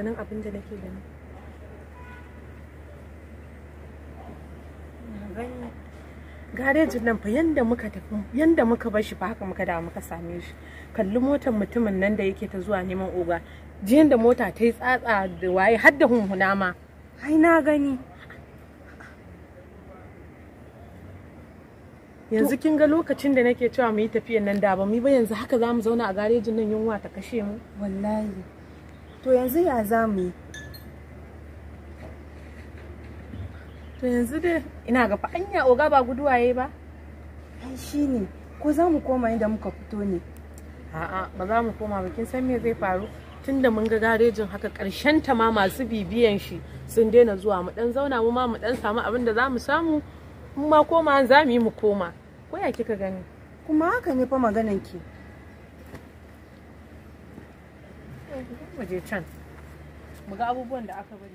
ganin abin da nake gani garejin nan fa yanda muka tafi yanda muka bar shi fa haka muka dawo muka same shi kalli motar mutumin nan da yake ta zuwa neman oga ji da mota ta yi tsatsa da waye har da hunhuna ma ai na gani yanzu kin ga lokacin da nake cewa mu yi tafiyan nan da ba mu ba yanzu haka za mu zauna a garejin nan yunwa ta kashe mu wallahi to yanzu ya za mu yi to yanzu dai ina ga anya oga ba guduwaye ba ai shine ko za mu koma inda muka fito ne a'a ba za mu koma ba kin san me zai faru tunda mun ga garejin haka karshen ta ma masu bibiyan shi sun daina zuwa mu dan zauna mu ma mu dan samu abin da za mu samu mu ma koma za mu yi mu koma ko ya kika gani kuma haka ne fa maganan ki mu can mu ga abubuwan da aka bari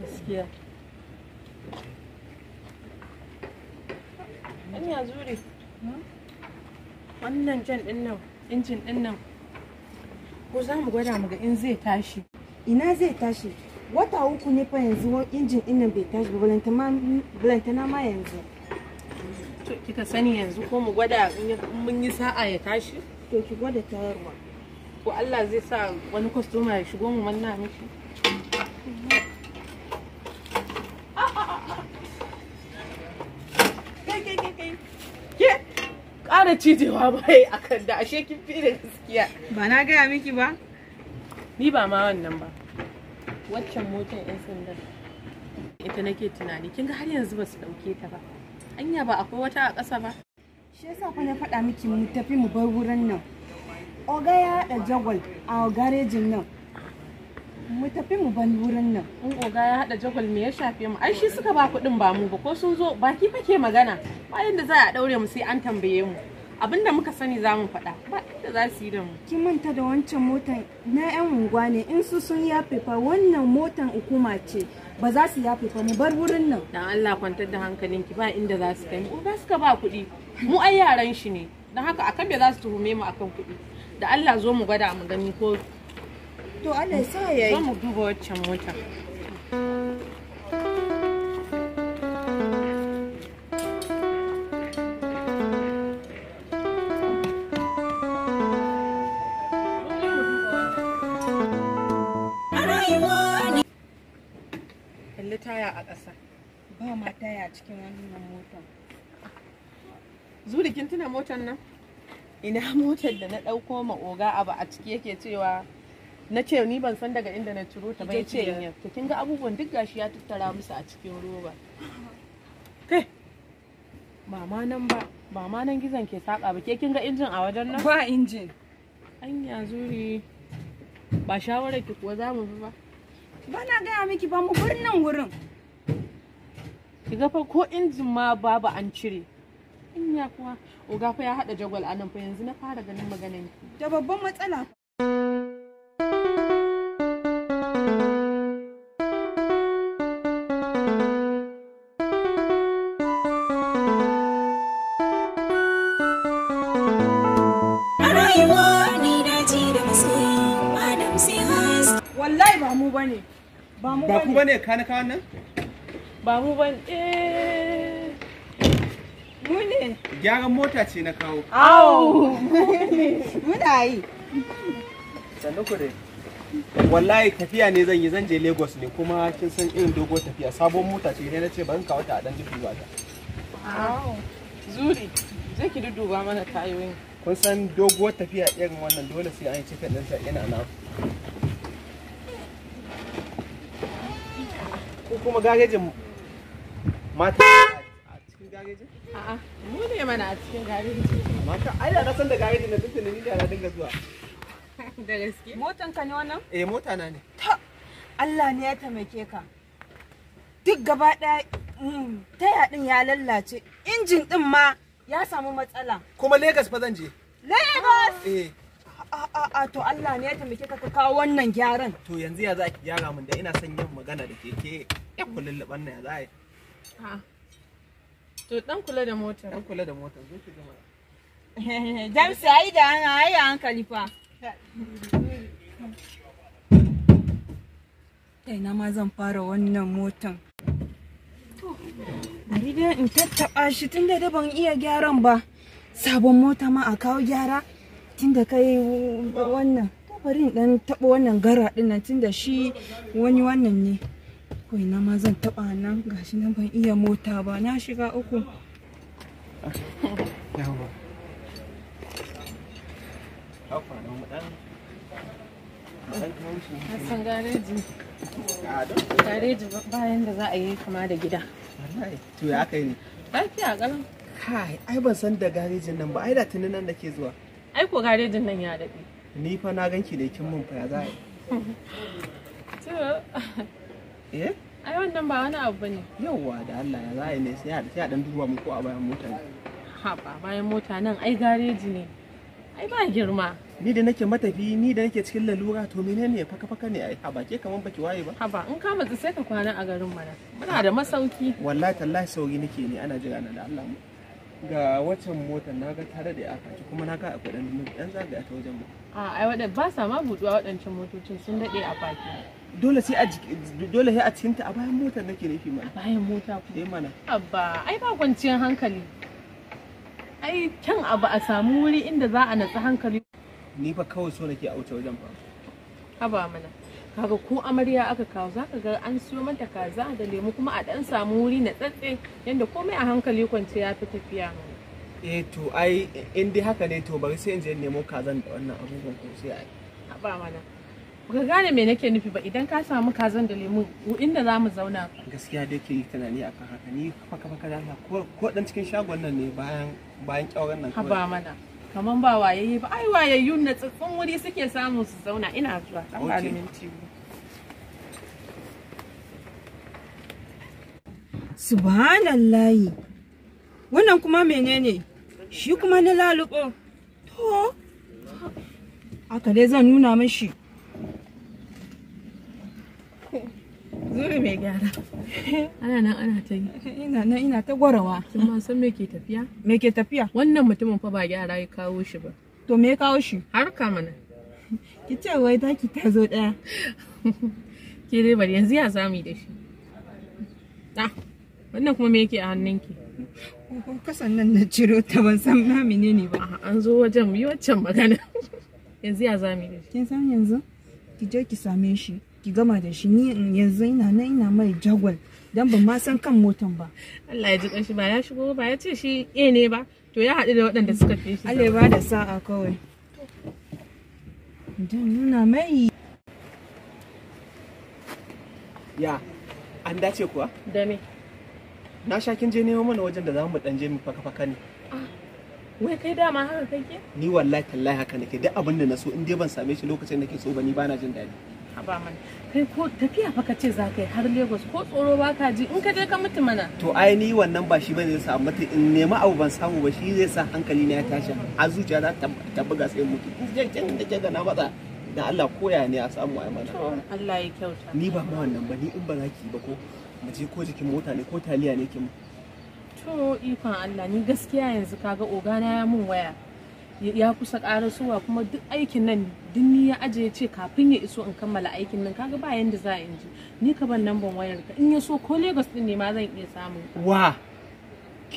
gaskiya ɗan zure hmm? wannan jan ɗin nan injin ɗin nan ko za mu gwada mu ga in zai tashi ina zai tashi wata uku ne fa yanzu injin ɗin nan bai tashi ba balantana ma yanzu kika sani yanzu ko mu gwada in mun yi sa'a ya tashi to ki gwada tayarwa ko Allah zai sa wani kwastoma ya shigo mu manna miki ƙara cijewa bai a kan da ashe kin fi da gaskiya ba na gaya miki ba ni ba ma wannan ba waccan motar 'yan sanda ita nake tunani kin ga har yanzu ba su ɗauke ta ba anya ba akwai wata a ƙasa ba shi yasa fa na faɗa miki mu tafi mu bar wurin nan oga ya haɗa jagwal a garejin nan mu tafi mu bar wurin nan in oga ya haɗa jagwal me ya shafe mu ai shi suka ba kuɗin ba mu ba ko sun zo baki fa ke magana bayan da za a ɗaure mu sai an tambaye mu abinda muka sani za mu faɗa ba yadda za su yi da mu kin manta da wancan motan na yan unguwa ne in su sun yafe fa wannan motan hukuma ce ba za su yafe fa mu bar wurin nan dan Allah kwantar da hankalin ki ba inda za su kai mu ba ka ba kuɗi mu ai yaran shi ne dan haka akan me za su tuhume mu akan kuɗi da Allah zo mu gwada mu gani ko to Allah ya sa yayi zo mu duba wancan motan cikin wannan motar zuri kin tuna motar nan ina motar da na ɗauko ma oga abu a ciki yake cewa na ce ni ban san daga inda na ciro ta bai ce yin to kin ga abubuwan duk gashi ya tattara musu a cikin roba kai mama nan ba mama nan gizon ke saƙa ba ke kin ga injin a wajen nan ba injin anya zuri ba shawarar ki kuwa zamu bi ba bana gaya miki ba mu birnin wurin kiga fa ko injin ma babu an cire in ya kuwa oga fa ya hada jagwal anan fa yanzu na fara ganin maganan ki da babban matsala Wallahi ba mu bane. Ba mu bane. Ba ku bane kana ba mu ban eh mu ne gyaran mota ce na kawo awo muna yi sannu ku dai wallahi tafiya ne zan yi zan je lagos ne kuma kin san irin dogo tafiya sabon mota ce ne na ce bari kawo ta a dan ba ta zuri zai ki duduba mana tayoyin kun san dogo tafiya irin wannan dole sai an yi cikin ɗinta ina na ko kuma garejin mata a cikin gareji a'a mu ne mana a cikin gareji mata ai da da gareji na ni da dinga zuwa da gaske motan ka ne wannan eh mota na ne ta Allah ne ya taimake ka duk gaba ɗaya mm, taya ya lallace injin din ma ya samu matsala kuma Legas fa zan je Lagos eh a'a to Allah ne ya taimake ka ka kawo wannan gyaran to yanzu ya za ki gyara min da ina son yin magana da keke ya kullun nan ya za To dan kula da motar. Dan kula da motar, zo ki gama. James ayi da ana ayi a hankali Kai na ma zan fara wannan motan. Bari dai in tattaɓa shi tunda da ban iya gyaran ba. Sabon mota ma a kawo gyara tunda kai wannan. Bari in dan taɓa wannan gara ɗin nan tunda shi wani wannan ne. Wai na ma zan taɓa nan gashi nan ban iya mota ba na shiga uku. Yawa. Hassan gareji. Gareji bayan da za a yi kama da gida. To ya aka yi ne? Lafiya galan. Kai, ai ban san da garejin nan ba, ai da tunanin nan da ke zuwa. Ai ko garejin nan ya daɗe. Ni fa na ganki da kin mun fa ya za a yi. eh ai wannan ba wani abu bane yauwa da Allah ya zai ne sai a dan duba mu ko a bayan mota ne ha ba bayan mota nan ai gareji ne ai ba girma ni da nake matafi ni da nake cikin lalura to menene faka faka ne ai a bake kaman baki waye ba haba in ka matsu sai ka kwana a garin mana muna da masauki wallahi tallahi sauri nake ne ana jira na da Allah mu ga waccan motar na ga tare da aka ci kuma na ga akwai dan dan zagaya ta wajen mu a ai wadan ba sa ma buduwa wadancan motocin sun dade a baki dole sai a dole sai a cikin ta a bayan motar nake nufi mana a bayan mota ku dai eh mana abba ai ba kwanciyar hankali ai kyan abu a samu wuri inda za a natsa hankali ni fa kawai so nake a wuce wajen ba. haba mana kaga ko amarya aka kawo zaka ga an siyo mata kaza da lemu kuma a dan samu wuri na tsatse yanda komai a hankali kwance ya fi tafiya eh to ai in dai haka ne to bari sai in je nemo kazan da wannan abubuwan ko sai ai haba mana ka gane me nake nufi ba idan ka samu kazan da lemu inda za mu zauna gaskiya da ke ni akan haka ni kafa kafa kaza ko ko dan cikin shagon nan ne bayan bayan kyauran nan ba mana kaman ba wayayye ba ai wayayyun na tsatsun wuri suke samu su zauna ina zuwa dan minti subhanallahi wannan kuma menene shi kuma na lalubo to haka dai zan nuna mashi Zuri mai gyara. Ana nan ana ta yi. Ina nan ina ta gwarawa. Kin ma san me ke tafiya? Me ke tafiya? Wannan mutumin fa ba gyara ya kawo shi ba. To me ya kawo shi? Harka mana. Ki ce wai taki ta zo ɗaya. Ke dai bari yanzu ya zamu da shi. Ah, wannan kuma me yake a hannunki? Kasan nan na ciro ta ban san ma menene ba. An zo wajen mu yi waccan magana. Yanzu ya zamu da shi. Kin san yanzu? Ki je ki same shi. ki gama da shi ni yanzu ina nan ina mai jagwal dan ban ma san kan motan ba Allah ya ji kanshi ba ya shigo ba ya ce shi eh ne ba to ya haɗu da waɗanda suka fi shi Allah ba da sa'a kawai dan nuna mai ya an dace kuwa da me na sha kin je nemo mana wajen da za mu dan je mu faka faka ne ah, wai kai dama haka kake ni wallahi tallahi haka nake duk abin da na so in dai ban same shi lokacin da nake so ba ni bana jin daɗi haba mana kai ko tafiya fa kace za ka yi har Lagos ko tsoro ba ka ji in ka je ka mutu mana to ai ni wannan ba shi bane zai samu mutu in nemi abu ban samu ba shi zai sa hankali na ya tashi a zuciya na ta buga sai mutu jan jan da kaga na matsa da Allah koya ne a samu ai mana Allah ya kyauta ni ba ma wannan ba ni in ba za ki ba ko mu je ko jikin mota ne ko taliya ne ki mu to ikon Allah ni gaskiya yanzu kaga ogana ya mun waya ya kusa karasuwa kuma duk aikin nan duk ya aje ya ce kafin ya iso in kammala aikin nan kaga ba yanda za in ji ni ka ban lambar wayar ka in ya so ko Lagos din ne ma zan iya samun ka wa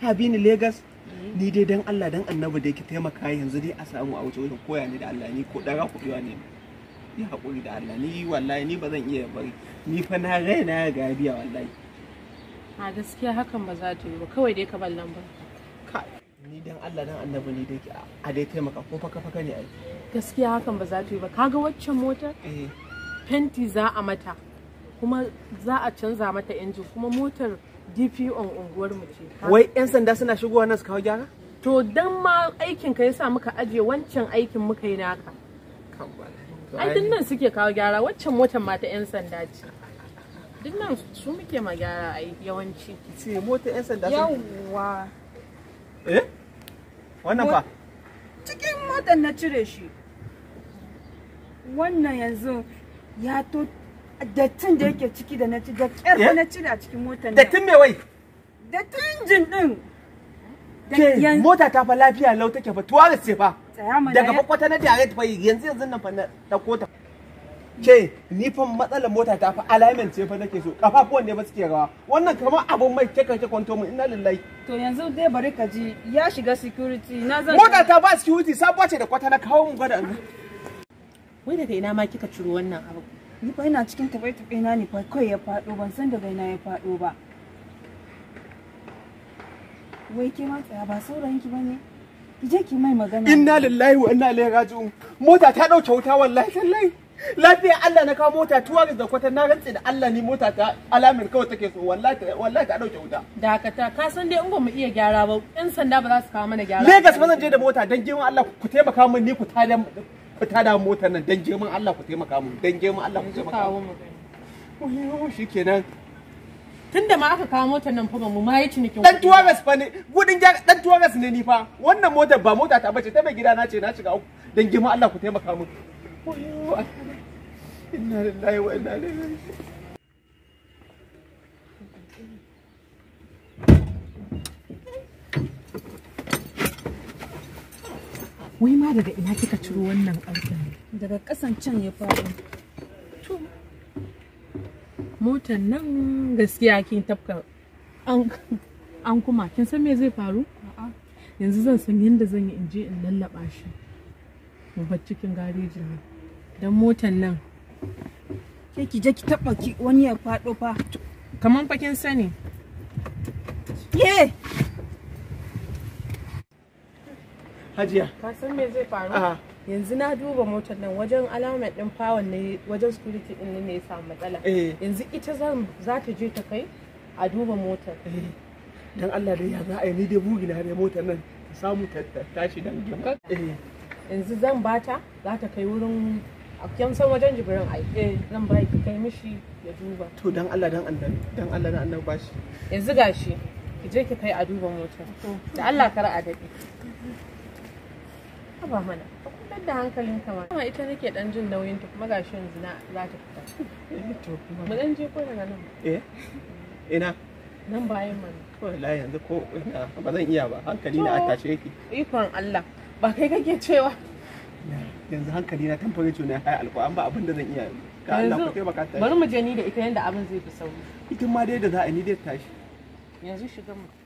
ka bi ni Lagos eh. ni dai dan Allah dan Annabi da yake taimaka yanzu dai a samu a wuce wurin koya ni da Allah ni ko daga ku ne ni hakuri da Allah ni wallahi ni ba zan iya bari ni fa na raina ga biya wallahi a gaskiya hakan ba za ta yi ba kawai dai ka ban lambar ni dan Allah dan annabi ne dai a dai taimaka ko faka faka ne ai gaskiya hakan ba za ta yi ba kaga waccan motar eh. fenti za a mata kuma za a canza mata injin kuma motar DPO unguwar mu ce wai yan sanda suna shigowa nan su kawo gyara to dan ma aikin ka yasa muka aje wancan aikin muka yi naka ai din nan suke kawo gyara waccan motar ma ta yan sanda ce duk nan su muke ma gyara ai yawanci ce motar yan sanda yawwa eh wannan fa cikin motar na cire shi wannan yanzu ya to dattin da yake ciki da na ci da ƙyar eh? na cire a cikin motar dattin me wai dattin jin din ke mota ta fa lafiya lau take fa tuwa ce fa daga kwata na ta fa yanzu yanzu nan fa na ta kota ke ni fa matsalar mota ta fa alignment ce fa nake so kafafuwan ne ba suke rawa wannan kamar abun mai ke kake kwanto mu inna lillahi to yanzu dai bari ka ji ya shiga security na zan mota ta ba security sabuwa ce da kwata na kawo mu gwada wai daga ina ma kika ciro wannan abu ni fa ina cikin tabai ta na ne fa kai ya fado ban san daga ina ya fado ba wai ke ma tsaya ba saurayin ki bane ki je ki mai magana inna lillahi wa inna ilaihi raji'un mota ta dauke wuta wallahi tallahi lafiya Allah na kawo mota tuwa da kwata na rantsi da Allah ni mota ta alamin kawai take so wallahi wallahi ta dauke wuta dakata ka san dai in ba mu iya gyara ba yan sanda ba za su kawo mana gyara Lagos ba zan je da mota dan girman Allah ku taimaka min ni ku tada ku tada motar nan dan girman Allah ku taimaka min dan girman Allah ku taimaka min wayo shikenan tunda ma aka kawo motar nan fa mu ma yi cinikin dan tuwaras fa ne gudun dan tuwaras ne ni fa wannan motar ba mota ta bace ta mai gida na ce na shiga dan girman Allah ku taimaka min inna lillahi wa inna ilaihi Wai ma daga ina kika ciro wannan ƙarfin? Daga kasan can ya faɗo. To, nan gaskiya kin tafka an kuma kin san me zai faru? Yanzu zan san yadda zan yi in je in lallaɓa shi. Mu bar cikin garejin nan. Dan motar nan Ke ki je ki taba ki wani ya fado fa. Kaman fa kin sani. Ye! Hajiya. Ka san me zai faru? Aha. yanzu na duba motar nan wajen alamar din fawon ne wajen security din ne ya samu matsala Eh. yanzu ita zan za ta je ta kai a duba motar Eh. dan Allah dai ya za a yi ni dai bugi na dai motar nan ta samu ta tashi dan Eh. yanzu zan bata za ta kai wurin kin san wajen jibrin ai eh nan ba ki kai mishi ya duba to dan Allah dan annabi dan Allah dan annabi bashi yanzu gashi ki je ki kai a duba motar da Allah kar a dade ba mana kullum da hankalin ka ma ita nake dan jin nauyin ta kuma gashi yanzu na za ta fita mu dan je ko daga nan eh ina nan bayan mana wallahi yanzu ko ba zan iya ba hankali na a tashe yake ikon Allah ba kai kake cewa yanzu hankali na temperature na high alko an ba abin da zan iya ka Allah ku taimaka ta bari mu je ni da ita yanda abin zai fi sauri ita ma dai da za a ni dai tashi yanzu shiga mu